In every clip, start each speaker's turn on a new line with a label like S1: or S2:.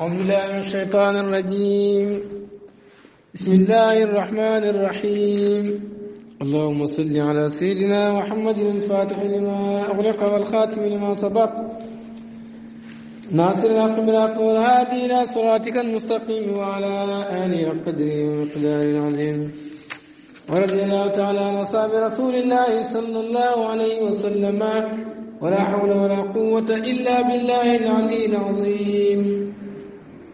S1: أعوذ بالله من الشيطان الرجيم بسم الله الرحمن الرحيم اللهم صل على سيدنا محمد الفاتح لما أغلق والخاتم لما سبق ناصر الحق بالحق هادي إلى صراطك المستقيم وعلى آله القدر ومقدار العظيم ورضي الله تعالى عن أصحاب رسول الله صلى الله عليه وسلم ولا حول ولا قوة إلا بالله العلي العظيم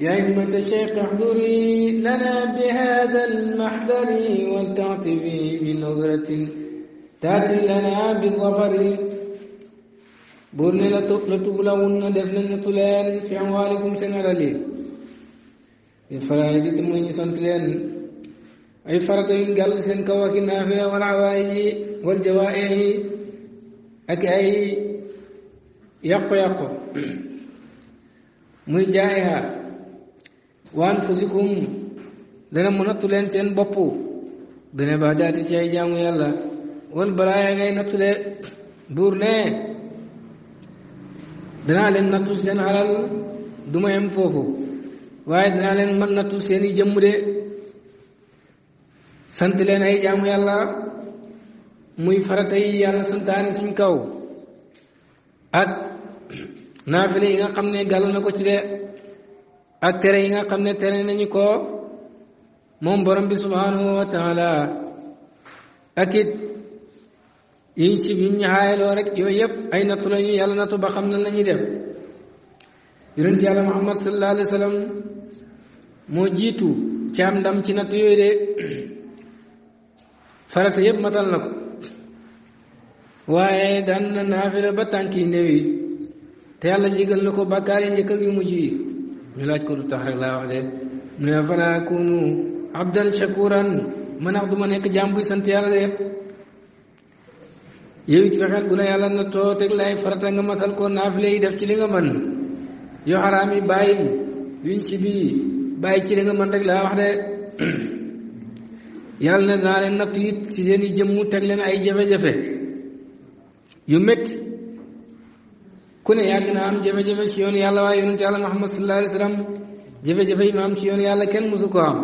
S1: يا إمة الشيخ احضري لنا بهذا المحضر ولتعتبي بنظرة تأتي لنا بالظفر بورن لتبلغن دفن النطلان في أموالكم سنة لي بفرائد تمني سنتلين أي فرق قال سن كواك النافية والعوائي والجوائع أكأي يقو يقو مجائها waan fusikum dana mu nattu leen seen boppu bene ba daati ci ay jaamu yàlla wal baraaya ngay nattu de buur ne danaa leen nattu seen alal du foofu waaye danaa leen man nattu seen i jëmm de sant leen ay jaamu yàlla muy farata yi yàlla santaane suñ kaw ak naafile yi nga xam ne gàll na ko de ak tere yi nga xam ne tere nañu ko moom borom bi subhanahu wa taala ak it yooyu yëpp ay nattu lañu nattu ba xam na la dem def yonent muhammad sallallahu alayhi moo jiitu ci ndam ci nattu yooyu de farata yëpp matal na ko waaye daan na naafila ba tànk yi te yàlla jégal na ko bàkkaar yi njëkk yu mujj yi ñu laaj ko lu tax rek laa wax de mu ne kunu abdan shakuran ma nax du ma nekk jaam buy sant yàlla de yow fexeel bu la yàlla na too teg lay farata nga matal ko naafile yi def ci li nga mën yoo xaraam yi bàyyi yuñ si bi bàyyi ci li nga mën rek laa wax de yàlla na naa leen natt it ci jëmmu teg leen ay jafe-jafe yu métti ku ne yàgg na am jafe-jafe ci yoon yàlla waaye yonent yàlla Muhammad sallallahu alayhi wa sallam jafe-jafe yi ma am ci yoon yàlla kenn mosu ko am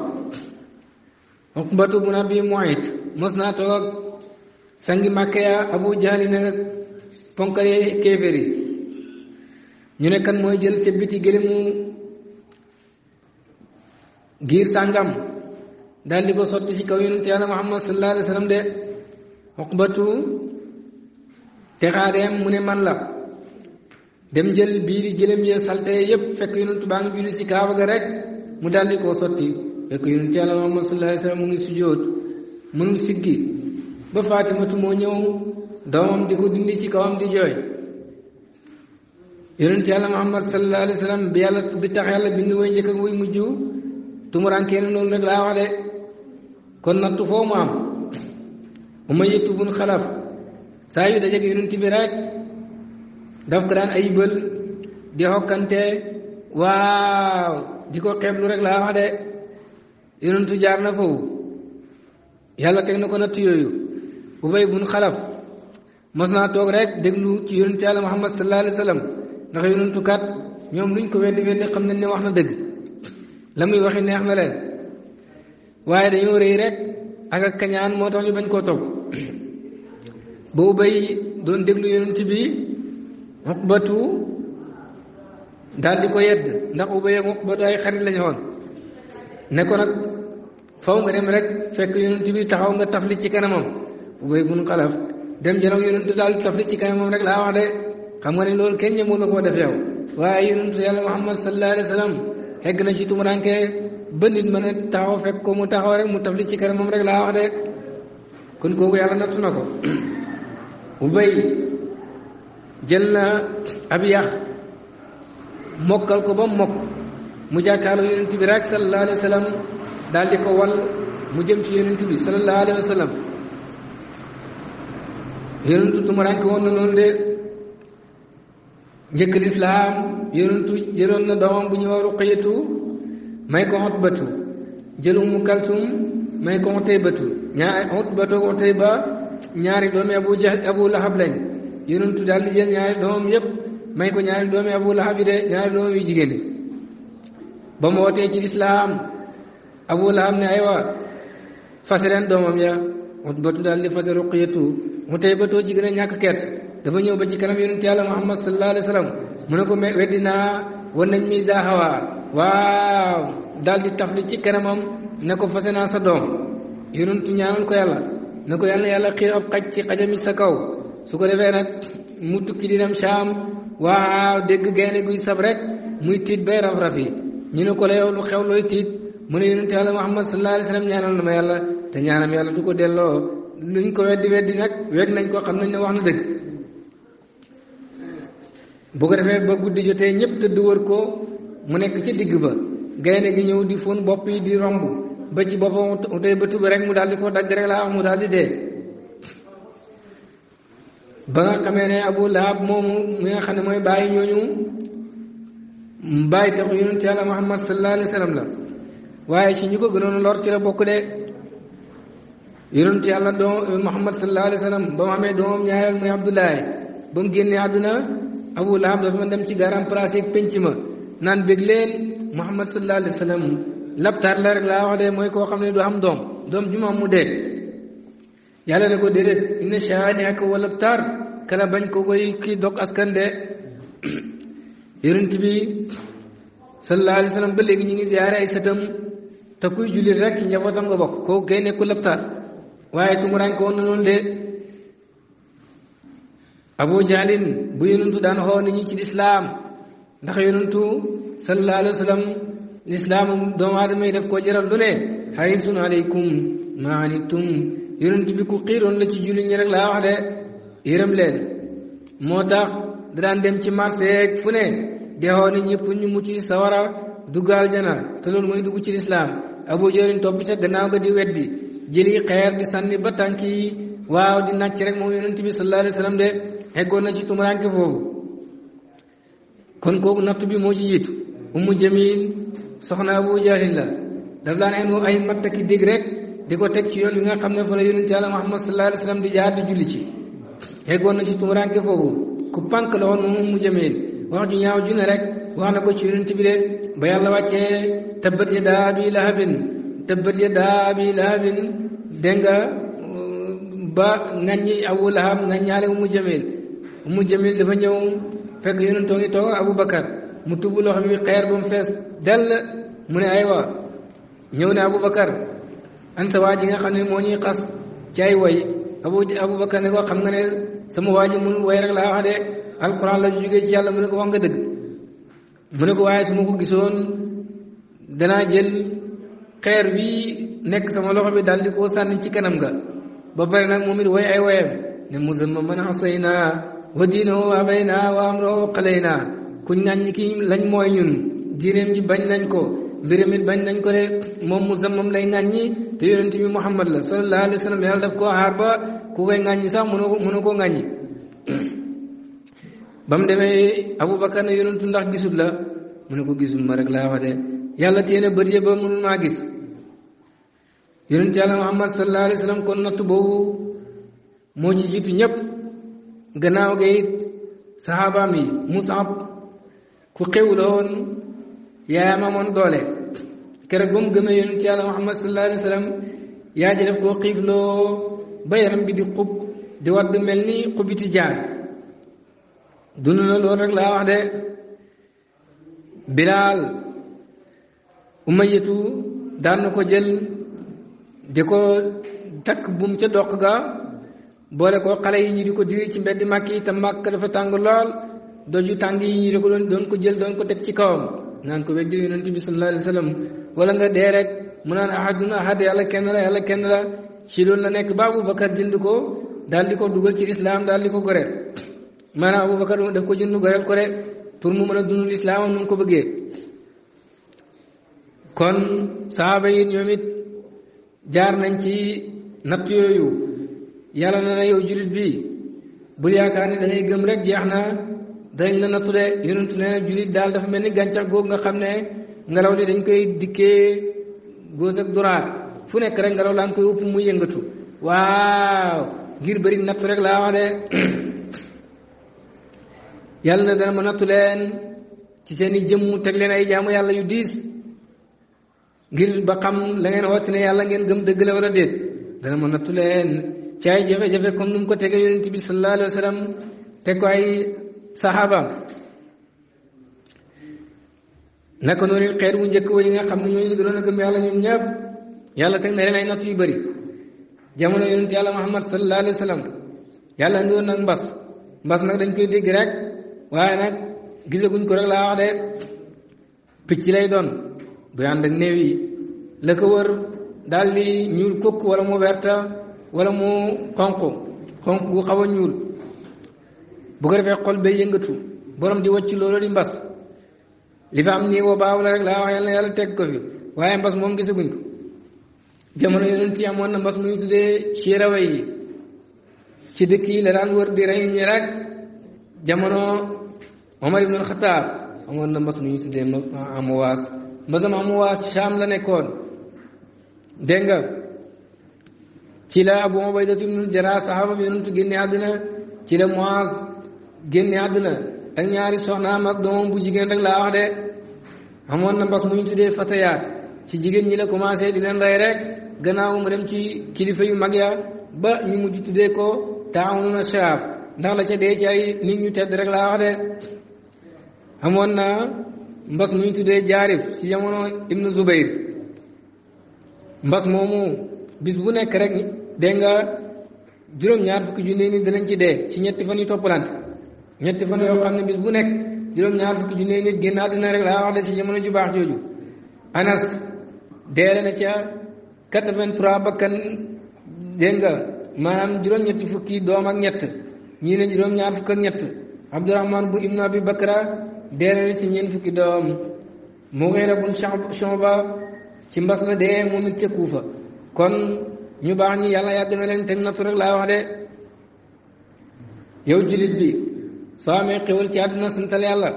S1: Uqbatu bun Abi Muayt mos naa toog ak sangi Màkka ya Abu Jahli ne nag kéeféer yi ñu ne kan mooy jël sebbiti gëlëmu giir sàngam daal ko sotti ci kaw yonent yàlla Muhammad sallallahu alayhi de Uqbatu texaareem mu ne man la dem jël biiri gëlëm yee salte yépp fekk yonentu baa ngi julli ci kaaba ga rek mu daldi koo sotti fekk yonentu yàlla Muhammad sallallahu alayhi wasallam mu ngi sujjóot mënul siggi ba Faatimatu moo ñëw doomam di ko dindi ci kawam di jooy yonentu yàlla Muhammad sallallahu alayhi wasallam bi yàlla bi tax yàlla bind way njëkk ak way mujj tumuraanke na noonu rek laa kon nattu foo mu am uma yëttu bun xalaf saa yu dajeek yonent bi rek daf ko daan ayibal di hokkante waaw di ko xeeblu rek laa wax de yonentu jaar na foofu yàlla teg na ko natt yooyu ubay bun xalaf mas naa toog rek déglu ci yonentu yàlla muhammad sallallahu alayhi wa sallam ndax yonentu kat ñoom luñ ko weddi weddi xam nañ ne wax na dëgg la muy waxi neex na leen waaye dañoo rëy rek ak ak kañaan moo tax ñu bañ koo topp ba ubay doon déglu yonent bi uqbatu daal di ko yedd ndax ubay ak uqbatu ay xarit lañu woon ne nag faw nga dem rek fekk yonent bi taxaw nga tafli ci kanamam ubay bun xalaf dem jëloon yonent daal tafli ci kanamam rek laa wax de xam nga ne loolu kenn ñëmul la koo def yow waaye yonent yàlla muhammad sallallahu alayhi wa fekk ko mu taxaw rek mu tafli ci kanamam rek laa wax de kon kooku yàlla nattu na ko ubay jël na ab yax mokkal ko ba mokk mu jàkkaarloo yonent bi rek sallallahu alayhi wa ko wal mu jëm ci yonent bi sallallahu alayhi wa sallam tumuraanke woon na noonu de njëkk lislaam yonentu jëloon na doomam bu ñu wax ruqayatu may ko xot batu jël umu kalsum may ko xotay batu ñaar xot batu xotay ba ñaari doomi abu jahl abu lahab lañ yonentu daal di jël ñaari doomam yëpp may ko ñaari doomi abu lahab yi de ñaari doomam yu jigéen ba mu wootee ci lislaam abu lahab ne aywa fase leen doomam ya utbatu daal di fase ruqiyatu mu tey ba too ji ñàkk kers dafa ñëw ba ci kanam yonentu yàlla muhammad sallallahu ko weddinaa wan di tafli ci kanamam ne ko fase sa doom yonentu ñaanal ko yàlla ne ko yàlla yàlla xiir ab xaj ci xajami sa kaw su ko defee nag mu tukki di dem waa waaw dégg gaynde guy sab rek muy tiit bay raf raf yi ñu ne ko la yow lu xew looy tiit mu ne yonente yàlla Muhammad sallallahu alayhi wa sallam ñaanal na yàlla te ñaanam yàlla du ko delloo lu ñu ko weddi weddi nag wegg nañ ko xam nañ ne wax na dëgg bu ko defee ba guddi jotee ñëpp tëdd wër ko mu nekk ci digg ba gaynde gi ñëw di fóon bopp yi di romb ba ci boppam tey bëtu bi rek mu daal di ko dagg rek laa wax mu daal di dee ba nga xamee ne abu lahab moomu mi nga xam ne mooy bàyyi ñooñu bàyyi taxu yonent yàlla muhammad sallallahu alayhi wa sallam la waaye ci ñi ko gënoon lor ci la bokk de yonent yàlla doom muhammad sallallahu alayhi wa sallam ba mu amee doomam ñaareel muy abdoulaye ba mu génnee àdduna abu lahab dafa dem ci garam place ak penc ma naan bég leen muhammad sallallahu alayhi wa sallam labtaar la rek laa wax de mooy koo xam ne du am doom doom ju mu am mu dee yàlla ne ko déedéet inna shaani'aka huwa al-abtar kala bañ ko koy kii dog askan de yonent bi sallallahu alayhi wa sallam ba léegi ñu ngi ziyaare ay sëtam te kuy jullit rek ci njabootam nga bokk koo kay ku laptaan waaye tumuraan ko woon na noonu de abu jaalin bu yonentu daan xoo ñi ci lislaam ndax yonentu sallallahu alayhi wa sallam lislaam doomu aadama yi daf koo jaral lu ne xarisun aleykum maa anittum yonent ku xiiroon la ci jullit ñi laa wax de yërëm leen moo tax daan dem ci marché yeeg fu ne dexoo nit ñi pour ñu mucc ci sawara duggaal jana te loolu mooy dugg ci lislaam abu jëriñ topp ca gannaaw ga di weddi jëli xeer di sànni ba tànk yi waaw di nàcc rek moom yonent bi sallallahu alayhi wa sallam xeggoon na ci tumuraanke foofu kon kooku natt bi moo ci jiitu umu jamil soxna abu jaalin la daf daan enu ay mattaki dig rek di ko teg ci yoon wi nga xam ne fa la yonent yàlla muhammad sallallahu alayhi wa di jaar di julli ci xeggoon na ci tumuraanke foofu ku pank la woon mu jëmeen wax ju ñaaw ju ne rek wax na ko ci yonent bi de ba yàlla wàccee tabbat yadaa abii lahabin tabbat yadaa abii lahabin dégg nga ba ŋaññi abu lahab ŋaññaale mu jëmeel mu jëmeel dafa ñëw fekk yonentoo ngi toog abu bakar mu tubb loxo bi xeer ba mu fees dell mu ne aywa ñëw ne abu bakar an nga xam ne moo ñuy xas ci ay way abu ne ko xam nga ne sama waa ji mun way rek laa wax de alquran la ñu jógee ci yàlla mu ne ko wax nga dëgg mu ne ko waaye su ko gisoon danaa jël xeer bi nekk sama loxo bi daal koo sànni ci kanam ga ba pare nag moom it way ay wayam ne musamma man asay naa wa diinahu abay naa wa amrahu xalay naa kuñ naan ñi ki lañ mooy ñun diineem ji bañ nañ ko Biramit bañ nañ ko de moom mu zammam lay ŋàññi te yonent bi Muhammad la sallallahu alayhi wa sallam yàlla daf koo aar ba ku koy ŋàññi sax mënu ko mënu koo ŋàññi. ba mu demee Aboubacar ne yonentu ndax gisul la mu ne ko gisul ma rek laa wax de yàlla téye na bët ba mënul maa gis yonent yàlla Muhammad sallallahu alayhi wa sallam kon natt boobu moo ci jiitu ñëpp gannaaw ga it saxaabaam yi Musab ku xew la woon yaayam amoon doole keroog ba mu gëmee yonent ci yàlla muhammad sallallahu alayhi wa sallam yaay ji def koo xiifloo ba yaram bi di xub di wadd mel ni xubiti jaar dund na loolu rek laa wax de bilaal umayatu daan na ko jël di ko takk buum ca doq ga boole koo xale yi ñu di ko diri ci mbedd màkk yi te màkk dafa tàng lool yu tàng yi ñu di ko doon doon ko jël doon ko teg ci kawam naan ko weddi yonent bi sallallahu wa sallam nga dee rek mu naan ahadun ahad yàlla kenn la yàlla kenn la ci loolu la nekk ba Aboubacar jënd ko daal di ko dugal ci lislaam daal di ko goreel maanaam Aboubacar def ko jënd goreel ko rek mu mën a dund lislaam nu ko bëggee kon saaba yi ñoom jaar nañ ci natt yooyu yàlla na la yow jullit bi bul yaakaar ne da ngay gëm rek jeex na dañ la nattu de yonentu ne jullit daal dafa mel ni gàncax googu nga xam ne ngelaw li dañ koy dikkee gauche ak fu nekk rek ngelaw laa ngi koy ëpp muy yëngatu waaw ngir bëri nattu rek laa wax de yàlla na dana ma nattu leen ci seen teg leen ay jaamu yàlla yu diis ngir ba xam la ngeen woote ne yàlla ngeen gëm dëgg la wala déet dana ma nattu leen ci ay jafe-jafe comme nu mu ko tegee yonent bi sallallahu alayhi wa sallam teg ko ay saxaabaam naka noonu xeer wu njëkk wa yi nga xam ne ñooñu gënoon a gëm yàlla ñoom ñëpp yàlla teg na leen ay natt yu bëri jamono yonent yàlla muhammad sallallahu mbas mbas nag dañ koy dégg rek waaye nag gisaguñ ko rek laa wax de picc lay doon bu ànd ak néew yi la ko wër daal di ñuul kukk wala mu werta wala mu xonq xonq gu xaw ñuul bu ko defee xol bay yëngatu borom di wàcc loolu di mbas li fa am nii woo baaw la rek laa wax yàlla yàlla teg ko fi waaye mbas moom gisaguñ ko jamono yonent yi amoon na mbas mu ñu tuddee ci raway ci dëkk yi la daan wër di rey ñi rek jamono Omar ibnul Xataab amoon na mbas mu ñu tuddee amuwaas mbasam amuwaas Saam la nekkoon dégg nga ci la Abu Ubayda ibnul Jarraah saxaaba bi yonentu génne àddina ci la Muaaz génne àdduna ak ñaari soxnaa ak doomam bu jigéen rek laa wax de amoon na mbas mu ñu tuddee fatayaat ci jigéen ñi la commencé di leen rey rek gannaaw mu dem ci kilifa yu mag ya ba ñu mujj tuddee ko taawunu na shaaf ndax la ca dee ci ay nit ñu tedd rek laa wax de amoon na mbas mu ñu tuddee jaarif ci jamono ibnu Zubayr mbas moomu bis bu nekk rek dégg nga juróom-ñaar fukki junni ni danañ ci dee ci ñetti fan yu toppalante ñetti fan yoo xam bis bu nekk juróom ñaar rek wax de si jamono ju baax anas deele na ca 83 bakkan dégg nga maanaam juróom ñetti fukki doom ak ñett ñii ne juróom ñaar fukk ñett bu ibnu abi bakra deele na ci ñeen fukki doom mu ngay na bun ci kon ñu baax ñi yàlla yàgg na leen teg nattu rek wax de yow julit bi soo amee xéwal ci àdduna santal yàlla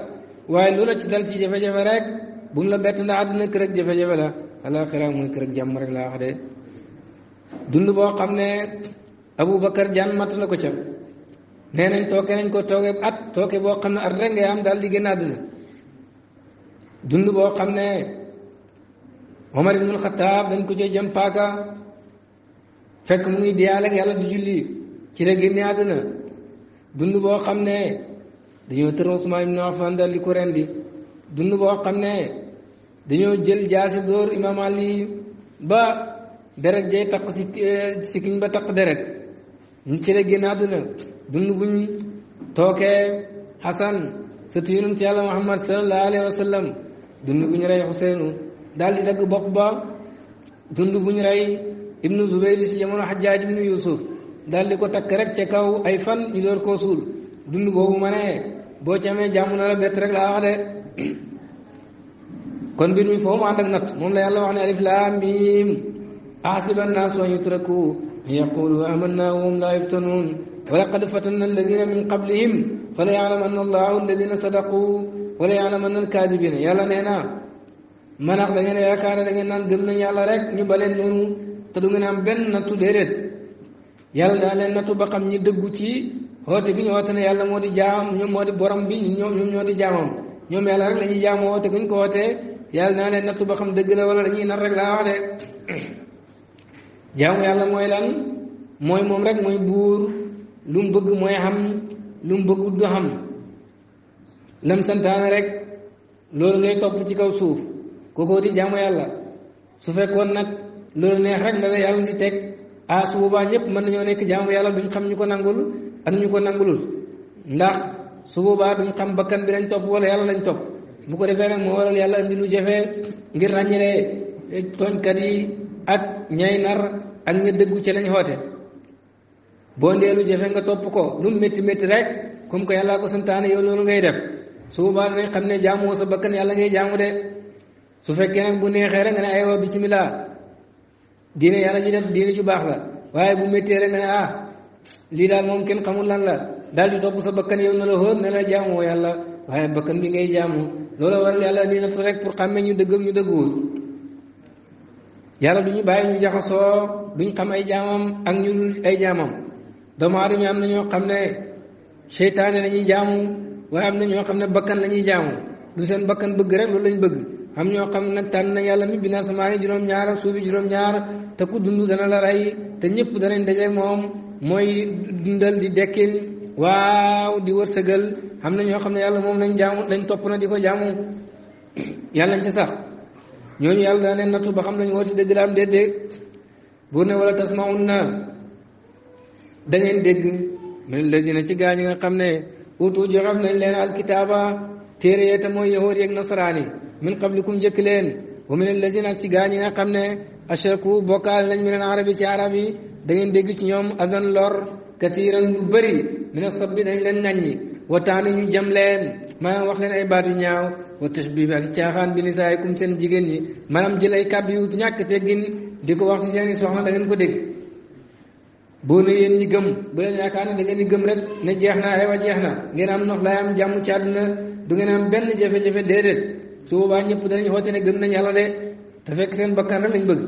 S1: waaye loola ci dal ci jafe-jafe rek bu mu la bett ndax àdduna kër ak jafe-jafe la alaxira mooy kër ak jàmm rek laa wax de dund boo xam ne Aboubacar jaan matt la ko cam nee nañ tooke nañ ko tooke at tooke boo xam ne at rek ngay am daal di gën àdduna dund boo xam ne Omar ibnul Xataab dañ ko cee jëm paaka fekk mu ngi diyaale yàlla du julli ci la génne àdduna dund boo xam ne dañoo tër Usmaan ibn Affan dal di ko rendi dund boo xam ne dañoo jël jaasi dóor imaam Ali ba deret jay taq si eh, sikkiñ ba taq deret ñu ci la génn àdduna dund buñ tookee Xasan sëtu yonent yàlla Muhammad sallallahu alayhi wa sallam dund buñ rey Xuseenu daal di dagg bopp ba dund buñ rey ibnu Zubayr si jamono Xajaaj ibnu Yuusuf daal di ko takk rek ca kaw ay fan ñu door koo suul dund boobu ma boo ci amee jàmm na la bett rek laa wax de kon mbir mi foo mu moom la yàlla wax ne alif laam miim ahasiba annaasu an yutraku an yaqulu amanna wa hum laa yuftanuun wa laqad fatanna alladina min qablihim fala yaalamanna allahu alladina sadaqu wala yaalamanna alkaadibina yàlla nee da ngeen yaakaar da ngeen nañ yàlla rek ñu baleen noonu te du ngeen am benn nattu déedéet yàlla daa leen nattu ba xam ñi dëggu ci xoote gi ñu woote ne yàlla moo di jaam ñoom moo di borom bi ñoom ñoom ñoo di jaamam ñoom yàlla rek la ñuy jaamu woote guñ ko wootee yàlla daa leen nattu ba xam dëgg la wala dañuy nar rek laa wax de jaamu yàlla mooy lan mooy moom rek mooy buur lu mu bëgg mooy xam lu mu bëgg du xam lam rek loolu ngay topp ci kaw suuf kooku di jaamu yàlla su fekkoon nag loolu neex rek la la yàlla di teg ah su boobaa ñëpp mën nañoo nekk jaamu yàlla duñ xam ñu ko nangul ak ñu ko nangulul ndax su boobaa duñ xam bakkan bi lañ topp wala yàlla lañ topp bu ko defee nag moo waral yàlla indi lu jafe ngir ràññee eh, tooñkat yi ak ñay nar ak dëggu ci lañ xoote boo ndee lu jafe nga topp ko lu métti métti rek comme que yàlla ko santaane yow loolu ngay def su boobaa dinañ xam ne jaamu sa bakkan yàlla ngay jaamu de su fekkee nag bu neexee rek nga ne aywa bisimilah. diine yàlla ji def diine ju baax la waaye bu méttee rek nga ne ah lii daal moom kenn xamul lan la daal di topp sa bakkan yow na la xóor ne jaamoo yàlla waaye bakkan bi ngay jaamu loolu waral yàlla a na rek pour xàmmee ñu dëggam ñu dëgguwul yàlla du ñu jaxasoo duñ xam ay jaamam ak ñu ay jaamam doomu aadama yi am ñoo xam ne seytaane la ñuy jaamu waaye am na ñoo xam ne bakkan la ñuy jaamu lu seen bakkan bëgg rek loolu lañ bëgg am ñoo xam nag tànn na yàlla mi bina samaani juróom-ñaar suufi juróom-ñaar te ku dund dana la te ñëpp danañ daje moom mooy dundal di dekkil waaw di wërsëgal am na ñoo xam ne yàlla moom lañ jaamu lañ topp na di ko jaamu yàlla ci sax ñooñu yàlla daa leen nattu ba xam nañ woote dëgg la am déedéet buur ne wala tasmaun na da ngeen dégg min ci gaa ñi nga xam ne utu joxam nañ leen alkitaaba téere yee te mooy yahood yeeg nasaraan yi min qablikum njëkk leen wa min allazina ak ci gaa ñi nga xam ne ashraku bokkaal lañ mineen arab yi ci arab yi dangeen dégg ci ñoom azan lor kasiiran lu bëri mina sabbi dañ leen ŋàññi wa taani ñu jam leen maanaam wax leen ay baatu ñaaw wa bi ak caaxaan bi nisaayikum seen jigéen ñi maanaam jël ay kàddu yu ñàkk teggin di ko wax ci seen i soxna ko dégg boo ne yéen ñi gëm bu leen yaakaar ne da gëm rek ne jeex na aywa jeex na ngeen am nox lay am jàmm ci àdduna du ngeen am benn jafe-jafe déedéet su boobaa ñëpp danañ xoote ne gëm nañ yàlla de te fekk seen bakkan rek lañ bëgg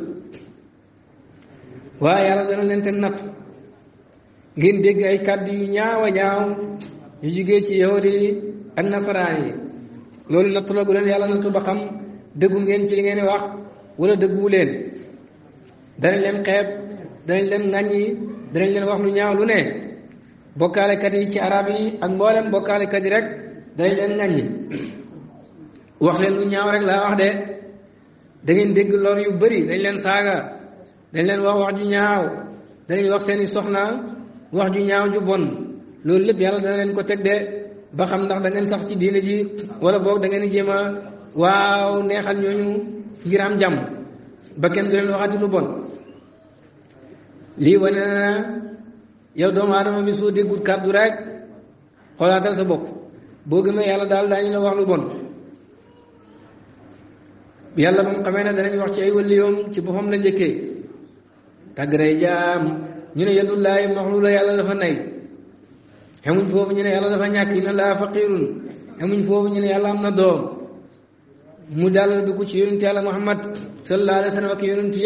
S1: waaye yàlla dana leen te natt ngeen dégg ay kàdd yu ñaawa a ñaaw yu jugee ci yahud yi ak nafaraan yi loolu nattu la gu leen yàlla nattu ba xam dëggu ngeen ci li ngeen wax wala dëgguwu leen danañ leen xeeb danañ leen ŋàññi danañ leen wax lu ñaaw lu ne bokkaalekat yi ci arab yi ak mboolem bokkaalekat yi rek danañ leen ŋàññi wax leen lu ñaaw rek laa wax de da dégg lor yu bari dañ leen saaga dañ leen wax wax ju ñaaw dañ wax seeni soxna wax ju ñaaw ju bon loolu lépp yàlla dana leen ko teg de ba xam ndax da ngeen sax ci diine ji wala boog da ngeen di jéem a waaw neexal ñooñu ngir am jàmm ba kenn du leen waxati lu bon. lii wane na yow doomu aadama bi soo déggut kàddu rek xoolaatal sa bopp boo gëmee yàlla daal daañu la wax lu bon. yàlla moom xamee ne danañ wax ci ay waliyoom ci boppam la njëkkee tàggaray jaam ñu ne yadullaahi maxluula yàlla dafa nay xemuñ foofu ñu ne yàlla dafa ñàkk inna laa faqirun xemuñ foofu ñu ne yàlla am na doom mu dàllal bi ko ci yonent yàlla muhammad sallallahu alayhi wa sallam ak yonent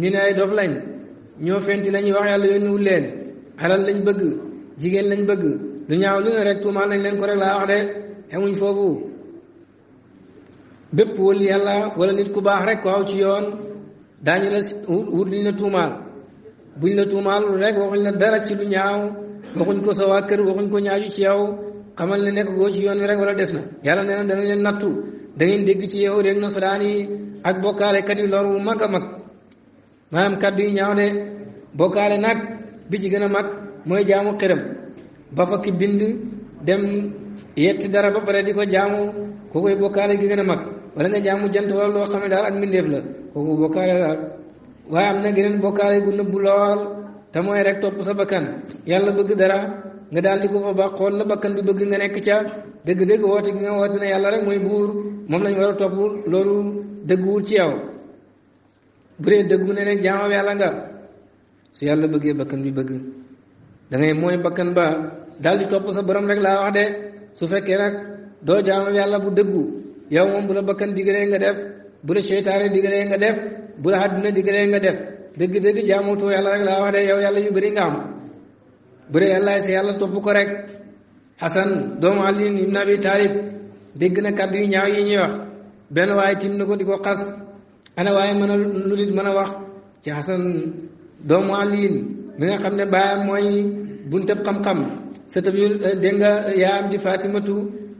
S1: ñu ne ay dof lañ ñoo fenti lañuy wax yàlla yónniwul leen alal lañ bëgg jigéen lañ bëgg lu ñaaw lu ne rek tuumaal nañ leen ko rek laa wax de xemuñ foofu bépp wël yàlla wala nit ku baax rek waaw ci yoon daañu la wut luñ la tuumaal buñ la tuumaalul rek waxuñ la dara ci lu ñaaw waxuñ ko sa kër waxuñ ko ñaaju ci yow xamal ne nekk goo ci yoon wi rek wala des na yàlla nee na dana leen nattu da ngeen dégg ci yow rek nasaraan yi ak bokkaale kat yi lor wu mag a mag maanaam kaddu yu ñaaw de bokkaale nag bi ci gën a mag mooy jaamu xiram ba fa ki bind dem yetti dara ba pare di ko jaamu kookoy gi gën a mag wala nga jaamu jant wala loo xam ne daal ak mbindeef la kooku bokkaale la waaye am na geneen bokkaale gu nëbbu lool te mooy rek topp sa bakkan yàlla bëgg dara nga daal di ko fa ba xool la bakkan bi bëgg nga nekk ca dëgg-dëgg woote gi nga woote ne yàlla rek mooy buur moom lañ war a topp loolu dëgguwul ci yow bu dee dëggu ne ne jaamam yàlla nga su yàlla bëggee bakkan bi bëgg da ngay mooy bakkan ba daal di topp sa borom rek laa wax de su fekkee nag doo yow moom bu la bakkan digalee nga def bu la seytaane digalee nga def bu la àdduna digalee nga def dëgg-dëgg jaamootoo yàlla rek laa wax de yow yàlla yu bëri nga am bu dee yàlla sa yàlla topp ko rek Xasan doomu Ali ibn Abi Taalib dégg na kàddu yu ñaaw yi ñuy wax benn waaye tim na ko di ko xas ana waaye mën a lu nit mën a wax ci Xasan doomu Ali mi nga xam ne baayam mooy xam-xam sa yu dégg nga yaayam di Fatimatu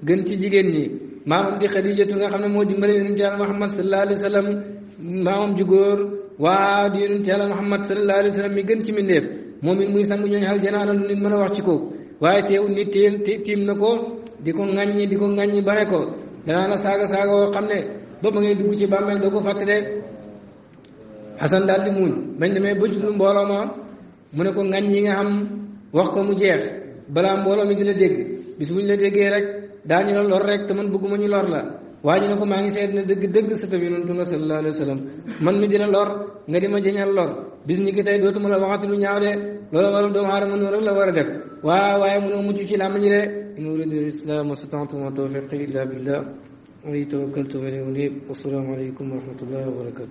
S1: gën ci jigéen ñi maamam di xadijatu nga xam ne moo dimbale yonent yàlla muhammad sallallahu alayhi wa sallam maamam ju góor waa di yonent yàlla muhammad sallallahu alayhi wa sallam mi gën ci mbindéef moom it muy sangu ñooñu xal janaana lu nit mën a wax ci ko waaye teew nit teel tiim na ko di ko ŋàññi di ko ŋàññi bare ko danaa la saaga saaga woo xam ne ba ba ngay dugg ci bàmmeel doo ko fàttale xasan daal di muuñ bañ demee ba jublu mbooloo ma mu ne ko yi nga xam wax ko mu jeex balaa mbooloo mi di la dégg bis bu ñu la déggee rek daañu la lor rek te man bëgguma ñu lor la waa ji ko maa ngi seet ne dëgg dëgg sa tam yonentu nga sallallahu alayhi man mi dina lor nga di ma jëñal lor bis ñi ki tey dootuma la waxati lu ñaaw de loolu wala doomu aadama noonu rek la war a de waaw waaye mënoo mucc ci làmmiñ de in uridu al-islaam mastata'tu wa ma tawfiqi illa billah wa tawakkaltu alayhi wa salaamu alaykum wa rahmatullahi